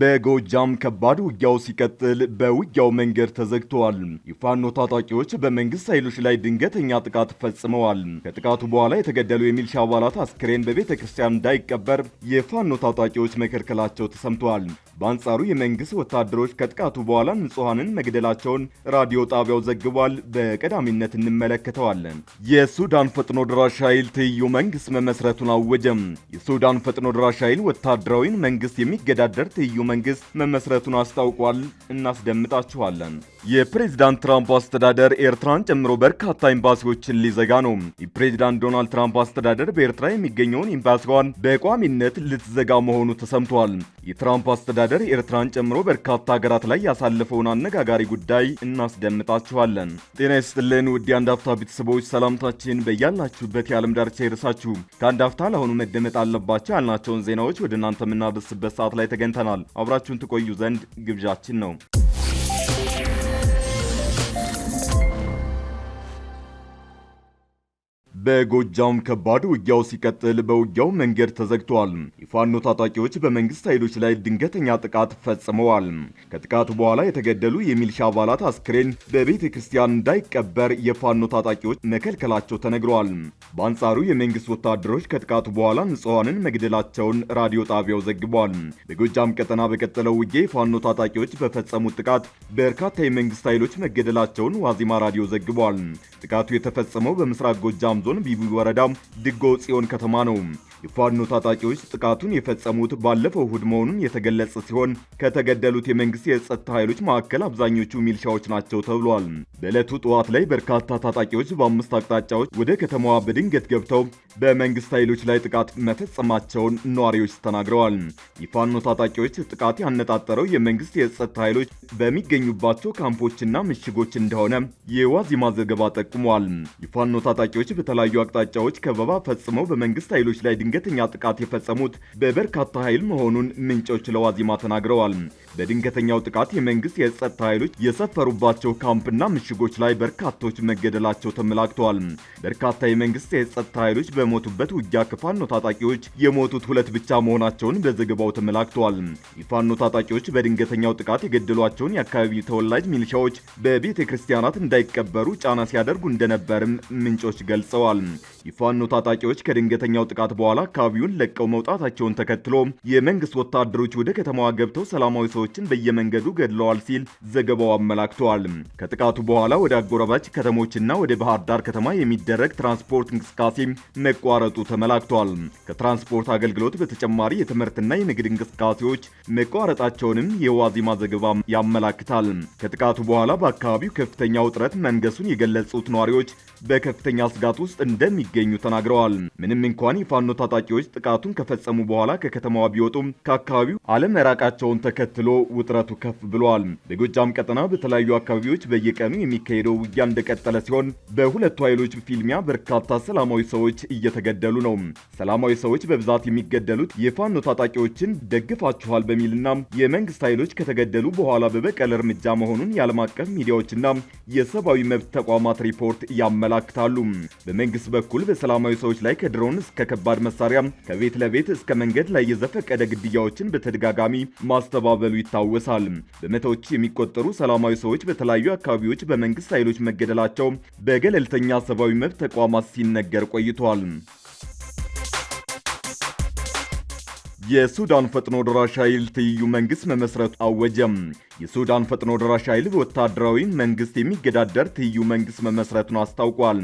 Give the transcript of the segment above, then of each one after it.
በጎጃም ከባድ ውጊያው ሲቀጥል በውጊያው መንገድ ተዘግተዋል። የፋኖ ታጣቂዎች በመንግስት ኃይሎች ላይ ድንገተኛ ጥቃት ፈጽመዋል። ከጥቃቱ በኋላ የተገደሉ የሚልሻ አባላት አስክሬን በቤተ ክርስቲያን እንዳይቀበር የፋኖ ታጣቂዎች መከልከላቸው ተሰምተዋል። በአንጻሩ የመንግስት ወታደሮች ከጥቃቱ በኋላ ንጹሐንን መግደላቸውን ራዲዮ ጣቢያው ዘግቧል። በቀዳሚነት እንመለከተዋለን። የሱዳን ፈጥኖ ድራሽ ኃይል ትይዩ መንግስት መመስረቱን አወጀም። የሱዳን ፈጥኖ ድራሽ ኃይል ወታደራዊን መንግስት የሚገዳደር ትይዩ መንግስት መመስረቱን አስታውቋል። እናስደምጣችኋለን። የፕሬዚዳንት ትራምፕ አስተዳደር ኤርትራን ጨምሮ በርካታ ኤምባሲዎችን ሊዘጋ ነው። የፕሬዚዳንት ዶናልድ ትራምፕ አስተዳደር በኤርትራ የሚገኘውን ኤምባሲዋን በቋሚነት ልትዘጋ መሆኑ ተሰምቷል። የትራምፕ አስተዳደር ኤርትራን ጨምሮ በርካታ ሀገራት ላይ ያሳለፈውን አነጋጋሪ ጉዳይ እናስደምጣችኋለን። ጤና ይስጥልን ውድ የአንድ ቤተሰቦች፣ ሰላምታችን በያላችሁበት የዓለም ዳርቻ ይድረሳችሁ። ከአንድ አፍታ ለአሁኑ መደመጥ አለባቸው ያልናቸውን ዜናዎች ወደ እናንተ የምናደርስበት ሰዓት ላይ ተገኝተናል። አብራችሁን ትቆዩ ዘንድ ግብዣችን ነው። በጎጃም ከባድ ውጊያው ሲቀጥል በውጊያው መንገድ ተዘግቷል። የፋኖ ታጣቂዎች በመንግስት ኃይሎች ላይ ድንገተኛ ጥቃት ፈጽመዋል። ከጥቃቱ በኋላ የተገደሉ የሚልሻ አባላት አስክሬን በቤተ ክርስቲያን እንዳይቀበር የፋኖ ታጣቂዎች መከልከላቸው ተነግረዋል። በአንጻሩ የመንግስት ወታደሮች ከጥቃቱ በኋላ ንጹሐንን መግደላቸውን ራዲዮ ጣቢያው ዘግቧል። በጎጃም ቀጠና በቀጠለው ውጊያ የፋኖ ታጣቂዎች በፈጸሙት ጥቃት በርካታ የመንግስት ኃይሎች መገደላቸውን ዋዜማ ራዲዮ ዘግቧል። ጥቃቱ የተፈጸመው በምስራቅ ጎጃም ዞን ቢቢ ወረዳ ድጎ ጽዮን ከተማ ነው። የፋኖ ታጣቂዎች ጥቃቱን የፈጸሙት ባለፈው እሁድ መሆኑን የተገለጸ ሲሆን ከተገደሉት የመንግስት የጸጥታ ኃይሎች መካከል አብዛኞቹ ሚልሻዎች ናቸው ተብሏል። በዕለቱ ጠዋት ላይ በርካታ ታጣቂዎች በአምስት አቅጣጫዎች ወደ ከተማዋ በድንገት ገብተው በመንግስት ኃይሎች ላይ ጥቃት መፈጸማቸውን ነዋሪዎች ተናግረዋል። የፋኖ ታጣቂዎች ጥቃት ያነጣጠረው የመንግስት የጸጥታ ኃይሎች በሚገኙባቸው ካምፖችና ምሽጎች እንደሆነ የዋዜማ ዘገባ ጠቁሟል። የፋኖ ታጣቂዎች በተለ ከተለያዩ አቅጣጫዎች ከበባ ፈጽመው በመንግስት ኃይሎች ላይ ድንገተኛ ጥቃት የፈጸሙት በበርካታ ኃይል መሆኑን ምንጮች ለዋዜማ ተናግረዋል። በድንገተኛው ጥቃት የመንግስት የጸጥታ ኃይሎች የሰፈሩባቸው ካምፕና ምሽጎች ላይ በርካቶች መገደላቸው ተመላክተዋል። በርካታ የመንግስት የጸጥታ ኃይሎች በሞቱበት ውጊያ ከፋኖ ታጣቂዎች የሞቱት ሁለት ብቻ መሆናቸውን በዘገባው ተመላክተዋል። የፋኖ ታጣቂዎች በድንገተኛው ጥቃት የገደሏቸውን የአካባቢ ተወላጅ ሚሊሻዎች በቤተ ክርስቲያናት እንዳይቀበሩ ጫና ሲያደርጉ እንደነበርም ምንጮች ገልጸዋል። የፋኖ ታጣቂዎች ከድንገተኛው ጥቃት በኋላ አካባቢውን ለቀው መውጣታቸውን ተከትሎ የመንግስት ወታደሮች ወደ ከተማዋ ገብተው ሰላማዊ ሰዎችን በየመንገዱ ገድለዋል ሲል ዘገባው አመላክተዋል። ከጥቃቱ በኋላ ወደ አጎራባች ከተሞችና ወደ ባህር ዳር ከተማ የሚደረግ ትራንስፖርት እንቅስቃሴ መቋረጡ ተመላክቷል። ከትራንስፖርት አገልግሎት በተጨማሪ የትምህርትና የንግድ እንቅስቃሴዎች መቋረጣቸውንም የዋዜማ ዘገባ ያመላክታል። ከጥቃቱ በኋላ በአካባቢው ከፍተኛ ውጥረት መንገሱን የገለጹት ነዋሪዎች በከፍተኛ ስጋት ውስጥ እንደሚገኙ ተናግረዋል። ምንም እንኳን የፋኖ ታጣቂዎች ጥቃቱን ከፈጸሙ በኋላ ከከተማዋ ቢወጡም ከአካባቢው አለመራቃቸውን ተከትሎ ተከትሎ ውጥረቱ ከፍ ብሏል። በጎጃም ቀጠና በተለያዩ አካባቢዎች በየቀኑ የሚካሄደው ውጊያ እንደቀጠለ ሲሆን በሁለቱ ኃይሎች ፊልሚያ በርካታ ሰላማዊ ሰዎች እየተገደሉ ነው። ሰላማዊ ሰዎች በብዛት የሚገደሉት የፋኖ ታጣቂዎችን ደግፋችኋል በሚልና የመንግስት ኃይሎች ከተገደሉ በኋላ በበቀል እርምጃ መሆኑን የዓለም አቀፍ ሚዲያዎችና የሰብአዊ መብት ተቋማት ሪፖርት ያመላክታሉ። በመንግስት በኩል በሰላማዊ ሰዎች ላይ ከድሮን እስከ ከባድ መሳሪያ ከቤት ለቤት እስከ መንገድ ላይ የዘፈቀደ ግድያዎችን በተደጋጋሚ ማስተባበሉ ይታወሳል። በመቶዎች የሚቆጠሩ ሰላማዊ ሰዎች በተለያዩ አካባቢዎች በመንግስት ኃይሎች መገደላቸው በገለልተኛ ሰብአዊ መብት ተቋማት ሲነገር ቆይቷል። የሱዳን ፈጥኖ ደራሽ ኃይል ትይዩ መንግስት መመስረቱ አወጀም። የሱዳን ፈጥኖ ደራሽ ኃይል ወታደራዊ መንግስት የሚገዳደር ትይዩ መንግስት መመስረቱን አስታውቋል።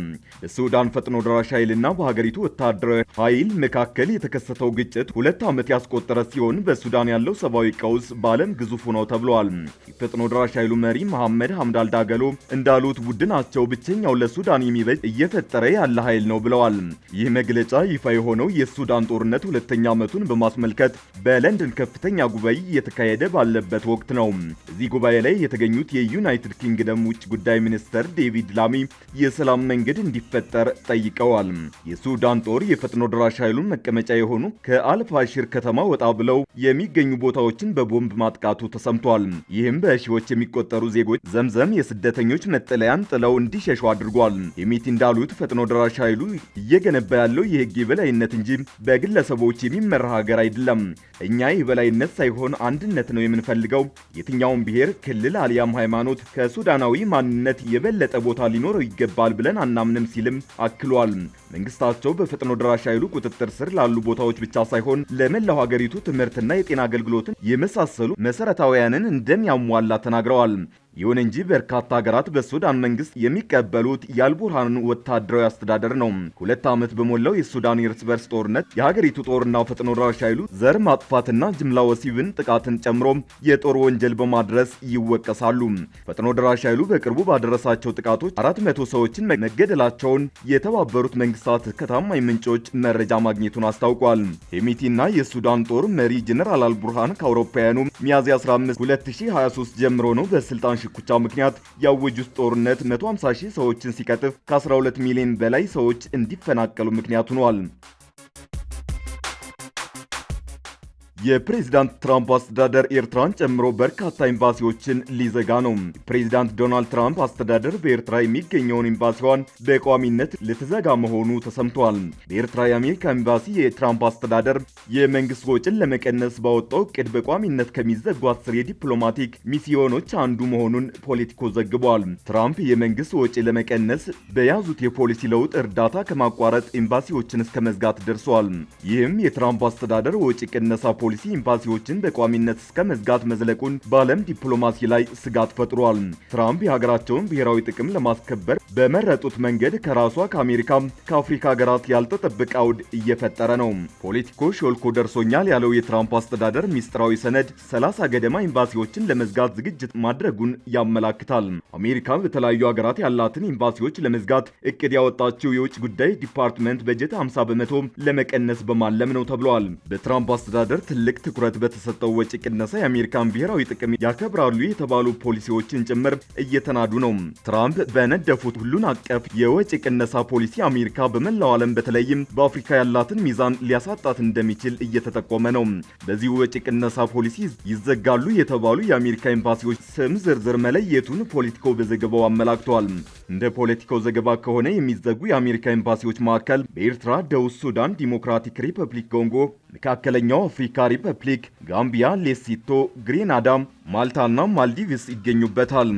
የሱዳን ፈጥኖ ደራሽ ኃይልና በሀገሪቱ ወታደራዊ ኃይል መካከል የተከሰተው ግጭት ሁለት ዓመት ያስቆጠረ ሲሆን በሱዳን ያለው ሰብአዊ ቀውስ በዓለም ግዙፉ ነው ተብሏል። የፈጥኖ ደራሽ ኃይሉ መሪ መሐመድ ሐምዳል ዳገሎ እንዳሉት ቡድናቸው ብቸኛው ለሱዳን የሚበጅ እየፈጠረ ያለ ኃይል ነው ብለዋል። ይህ መግለጫ ይፋ የሆነው የሱዳን ጦርነት ሁለተኛ ዓመቱን በማስመልከት በለንደን ከፍተኛ ጉባኤ እየተካሄደ ባለበት ወቅት ነው። እዚህ ጉባኤ ላይ የተገኙት የዩናይትድ ኪንግደም ውጭ ጉዳይ ሚኒስትር ዴቪድ ላሚ የሰላም መንገድ እንዲፈጠር ጠይቀዋል። የሱዳን ጦር የፈጥኖ ድራሽ ኃይሉን መቀመጫ የሆኑ ከአልፋሽር ከተማ ወጣ ብለው የሚገኙ ቦታዎችን በቦምብ ማጥቃቱ ተሰምቷል። ይህም በሺዎች የሚቆጠሩ ዜጎች ዘምዘም የስደተኞች መጠለያን ጥለው እንዲሸሹ አድርጓል። የሚት እንዳሉት ፈጥኖ ድራሽ ኃይሉ እየገነባ ያለው የህግ የበላይነት እንጂ በግለሰቦች የሚመራ ሀገር አይደለም። እኛ የበላይነት ሳይሆን አንድነት ነው የምንፈልገው የትኛው የትኛውም ብሔር፣ ክልል አሊያም ሃይማኖት ከሱዳናዊ ማንነት የበለጠ ቦታ ሊኖረው ይገባል ብለን አናምንም ሲልም አክሏል። መንግስታቸው በፈጥኖ ደራሽ ኃይሉ ቁጥጥር ስር ላሉ ቦታዎች ብቻ ሳይሆን ለመላው ሀገሪቱ ትምህርትና የጤና አገልግሎትን የመሳሰሉ መሰረታዊያንን እንደሚያሟላ ተናግረዋል። ይሁን እንጂ በርካታ ሀገራት በሱዳን መንግስት የሚቀበሉት የአልቡርሃንን ወታደራዊ አስተዳደር ነው። ሁለት ዓመት በሞላው የሱዳን የእርስ በርስ ጦርነት የሀገሪቱ ጦርና ፈጥኖ ደራሽ ኃይሉ ዘር ማጥፋትና ጅምላ ወሲብን ጥቃትን ጨምሮ የጦር ወንጀል በማድረስ ይወቀሳሉ። ፈጥኖ ደራሽ ኃይሉ በቅርቡ ባደረሳቸው ጥቃቶች አራት መቶ ሰዎችን መገደላቸውን የተባበሩት መንግስታት ከታማኝ ምንጮች መረጃ ማግኘቱን አስታውቋል። ሄሚቲና የሱዳን ጦር መሪ ጀነራል አልቡርሃን ከአውሮፓውያኑ ሚያዝያ 15 2023 ጀምሮ ነው በስልጣን ሽኩቻው ምክንያት ያወጁት ጦርነት 150 ሺህ ሰዎችን ሲቀጥፍ ከ12 ሚሊዮን በላይ ሰዎች እንዲፈናቀሉ ምክንያት ሆኗል። የፕሬዚዳንት ትራምፕ አስተዳደር ኤርትራን ጨምሮ በርካታ ኤምባሲዎችን ሊዘጋ ነው። ፕሬዚዳንት ዶናልድ ትራምፕ አስተዳደር በኤርትራ የሚገኘውን ኤምባሲዋን በቋሚነት ልትዘጋ መሆኑ ተሰምቷል። በኤርትራ የአሜሪካ ኤምባሲ የትራምፕ አስተዳደር የመንግስት ወጪን ለመቀነስ ባወጣው እቅድ በቋሚነት ከሚዘጉ አስር የዲፕሎማቲክ ሚስዮኖች አንዱ መሆኑን ፖለቲኮ ዘግቧል። ትራምፕ የመንግስት ወጪ ለመቀነስ በያዙት የፖሊሲ ለውጥ እርዳታ ከማቋረጥ ኤምባሲዎችን እስከ መዝጋት ደርሷል። ይህም የትራምፕ አስተዳደር ወጪ ቅነሳ ፖሊሲ ፖሊሲ ኤምባሲዎችን በቋሚነት እስከ መዝጋት መዝለቁን በዓለም ዲፕሎማሲ ላይ ስጋት ፈጥሯል። ትራምፕ የሀገራቸውን ብሔራዊ ጥቅም ለማስከበር በመረጡት መንገድ ከራሷ ከአሜሪካ፣ ከአፍሪካ ሀገራት ያልተጠበቀ አውድ እየፈጠረ ነው። ፖለቲኮ ሾልኮ ደርሶኛል ያለው የትራምፕ አስተዳደር ሚስጥራዊ ሰነድ ሰላሳ ገደማ ኤምባሲዎችን ለመዝጋት ዝግጅት ማድረጉን ያመላክታል። አሜሪካ በተለያዩ ሀገራት ያላትን ኤምባሲዎች ለመዝጋት እቅድ ያወጣችው የውጭ ጉዳይ ዲፓርትመንት በጀት 50 በመቶ ለመቀነስ በማለም ነው ተብሏል። በትራምፕ አስተዳደር ትልቅ ትኩረት በተሰጠው ወጪ ቅነሳ የአሜሪካን ብሔራዊ ጥቅም ያከብራሉ የተባሉ ፖሊሲዎችን ጭምር እየተናዱ ነው። ትራምፕ በነደፉት ሁሉን አቀፍ የወጪ ቅነሳ ፖሊሲ አሜሪካ በመላው ዓለም በተለይም በአፍሪካ ያላትን ሚዛን ሊያሳጣት እንደሚችል እየተጠቆመ ነው። በዚህ ወጪ ቅነሳ ፖሊሲ ይዘጋሉ የተባሉ የአሜሪካ ኤምባሲዎች ስም ዝርዝር መለየቱን ፖለቲኮ በዘገባው አመላክተዋል። እንደ ፖለቲኮ ዘገባ ከሆነ የሚዘጉ የአሜሪካ ኤምባሲዎች መካከል በኤርትራ፣ ደቡብ ሱዳን፣ ዲሞክራቲክ ሪፐብሊክ ኮንጎ፣ መካከለኛው አፍሪካ ሪፐብሊክ፣ ጋምቢያ፣ ሌሲቶ፣ ግሬናዳ፣ ማልታና ማልዲቭስ ይገኙበታል።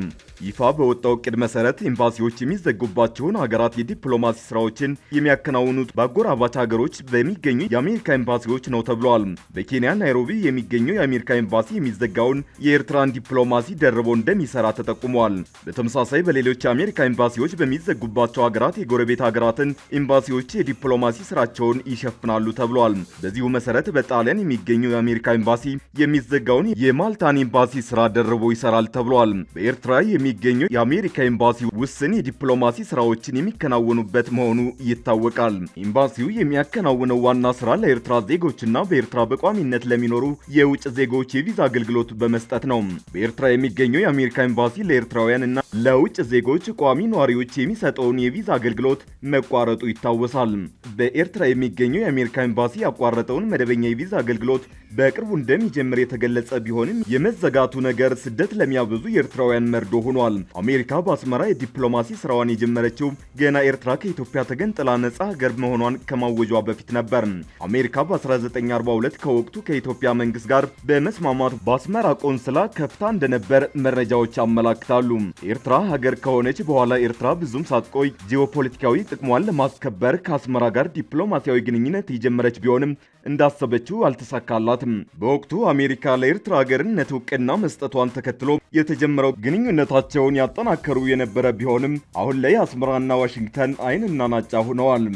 ይፋ በወጣው እቅድ መሰረት ኤምባሲዎች የሚዘጉባቸውን ሀገራት የዲፕሎማሲ ስራዎችን የሚያከናውኑት በአጎራባች ሀገሮች በሚገኙ የአሜሪካ ኤምባሲዎች ነው ተብሏል። በኬንያ ናይሮቢ የሚገኘው የአሜሪካ ኤምባሲ የሚዘጋውን የኤርትራን ዲፕሎማሲ ደርቦ እንደሚሰራ ተጠቁሟል። በተመሳሳይ በሌሎች የአሜሪካ ኤምባሲዎች በሚዘጉባቸው ሀገራት የጎረቤት ሀገራትን ኤምባሲዎች የዲፕሎማሲ ስራቸውን ይሸፍናሉ ተብሏል። በዚሁ መሰረት በጣሊያን የሚገኘው የአሜሪካ ኤምባሲ የሚዘጋውን የማልታን ኤምባሲ ስራ ደርቦ ይሰራል ተብሏል። በኤርትራ የሚገኘው የአሜሪካ ኤምባሲ ውስን የዲፕሎማሲ ስራዎችን የሚከናወኑበት መሆኑ ይታወቃል። ኤምባሲው የሚያከናውነው ዋና ስራ ለኤርትራ ዜጎችና በኤርትራ በቋሚነት ለሚኖሩ የውጭ ዜጎች የቪዛ አገልግሎት በመስጠት ነው። በኤርትራ የሚገኘው የአሜሪካ ኤምባሲ ለኤርትራውያን እና ለውጭ ዜጎች ቋሚ ነዋሪዎች የሚሰጠውን የቪዛ አገልግሎት መቋረጡ ይታወሳል። በኤርትራ የሚገኘው የአሜሪካ ኤምባሲ ያቋረጠውን መደበኛ የቪዛ አገልግሎት በቅርቡ እንደሚጀምር የተገለጸ ቢሆንም የመዘጋቱ ነገር ስደት ለሚያበዙ የኤርትራውያን መርዶ ሆኗል። አሜሪካ በአስመራ የዲፕሎማሲ ስራዋን የጀመረችው ገና ኤርትራ ከኢትዮጵያ ተገንጥላ ነጻ ሀገር መሆኗን ከማወጇ በፊት ነበር። አሜሪካ በ1942 ከወቅቱ ከኢትዮጵያ መንግስት ጋር በመስማማት በአስመራ ቆንስላ ከፍታ እንደነበር መረጃዎች አመላክታሉ። ኤርትራ ሀገር ከሆነች በኋላ ኤርትራ ብዙም ሳትቆይ ጂኦፖለቲካዊ ጥቅሟን ለማስከበር ከአስመራ ጋር ዲፕሎማሲያዊ ግንኙነት የጀመረች ቢሆንም እንዳሰበችው አልተሳካላት አልነበራትም። በወቅቱ አሜሪካ ለኤርትራ ሀገርነት እውቅና መስጠቷን ተከትሎ የተጀመረው ግንኙነታቸውን ያጠናከሩ የነበረ ቢሆንም አሁን ላይ አስመራና ዋሽንግተን አይንና ናጫ ሆነዋል።